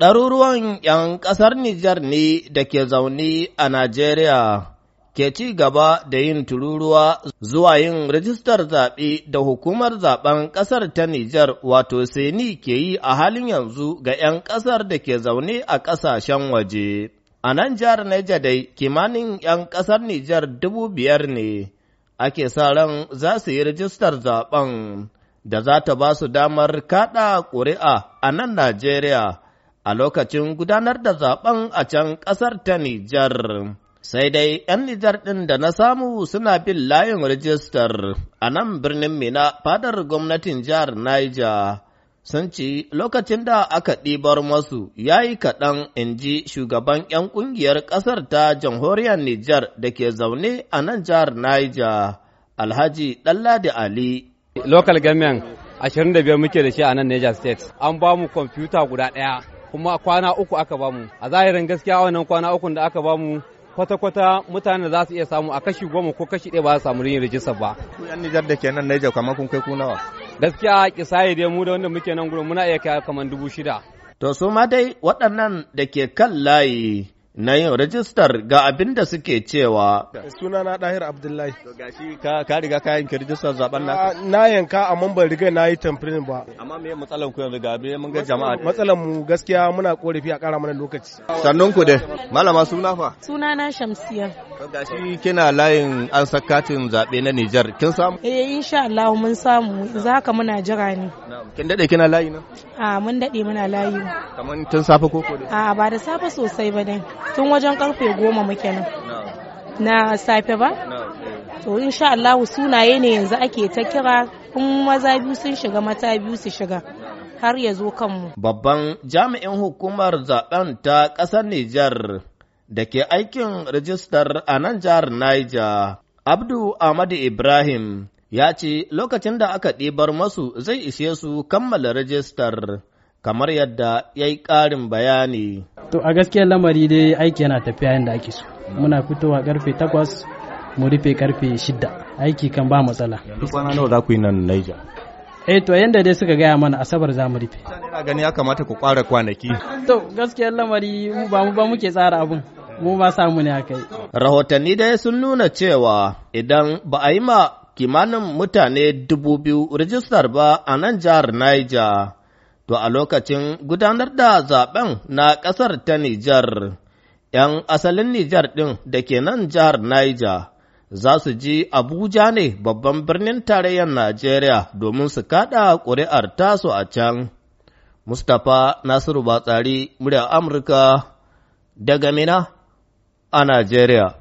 Ɗaruruwan ‘yan ƙasar Nijar ne da ke zaune a Najeriya ke ci gaba da yin tururuwa zuwa yin rijistar zaɓe da hukumar zaɓen ƙasar ta Nijar wato Seni ke yi a halin yanzu ga ‘yan ƙasar da ke zaune a ƙasashen waje. A nan jihar Nijar dai kimanin ‘yan ƙasar Nijar dubu biyar ne ake sa ran za su yi rijistar zaɓen da za ta ba su damar kaɗa ƙuri'a a nan Najeriya. a lokacin gudanar da zaben a can ƙasar ta Nijar. Sai dai ‘yan Nijar ɗin da na samu suna bin layin rijistar a nan birnin Mina fadar gwamnatin jihar Niger. Sun ci lokacin da aka ɗibar masu ya yi kaɗan in ji shugaban ‘yan ƙungiyar ƙasar ta jamhuriyar Nijar da ke zaune a nan jihar Niger, Alhaji Ɗanladi Ali. Local government 25 muke da shi a nan Niger State. An ba mu kwamfuta guda ɗaya. kuma kwana uku aka bamu a zahirin gaskiya wannan kwana uku da aka bamu kwata-kwata mutane za su iya samu a kashi goma ko kashi ɗaya ba su samu yin rijistar ba. Ku yan Nijar da kenan Naija kamar kun kai kunawa? Gaskiya kisaye dai mu da wanda muke nan gurin muna iya kai kamar dubu shida. To su ma dai waɗannan da ke kan layi na yin rajistar ga abin da suke cewa. Suna na ɗahir Abdullahi. Gashi ka ka riga ka yanke rajistar zaben na. Na yanka amma ban riga na yi tamfirin ba. Amma me matsalar ku yanzu ga abin mun ga jama'a. Matsalar mu gaskiya muna korafi a ƙara mana lokaci. sannan ku dai. Malama suna fa. Suna na Shamsiya. Gashi kina layin an sakatin zabe na Nijar kin samu? Eh insha Allah mun samu za ka muna jira ne. Kin dade kina layi na? A ah, mun dade muna layi. Kamar tun safe ko ko dai? A ah, ba da safe sosai ba dai. tun wajen karfe goma muke nan na safe ba to insha Allah sunaye ne yanzu ake ta kira kun maza biyu sun shiga mata biyu su shiga har ya zo kanmu babban jami'in hukumar zaben ta ƙasar Nijar da ke aikin rajistar a nan jihar Niger Abdu Ahmadu Ibrahim ya ce lokacin da aka ɗibar masu zai ishe su kammala rajistar kamar yadda ya yi ƙarin bayani. to a gaskiyar lamari dai aiki yana tafiya yadda ake so muna fitowa karfe takwas mu rufe karfe shidda aiki kan ba matsala yanzu kwana nawa za ku yi nan Niger eh to yanda dai suka gaya mana asabar za mu rufe ina gani ya kamata ku kwara kwanaki to gaskiyar lamari mu ba mu ba muke tsara abun mu ba samu ne akai rahotanni dai sun nuna cewa idan ba a yi ma kimanin mutane dubu biyu rijistar ba a nan jihar Niger To a lokacin gudanar da zaben na ƙasar ta Nijar, ‘yan asalin Nijar ɗin da ke nan jihar Niger za su ji Abuja ne babban birnin tarayyar Najeriya domin su kaɗa ƙuri'ar tasu a can. Mustapha Nasiru Batsari, murya Amurka, daga Mina a Najeriya.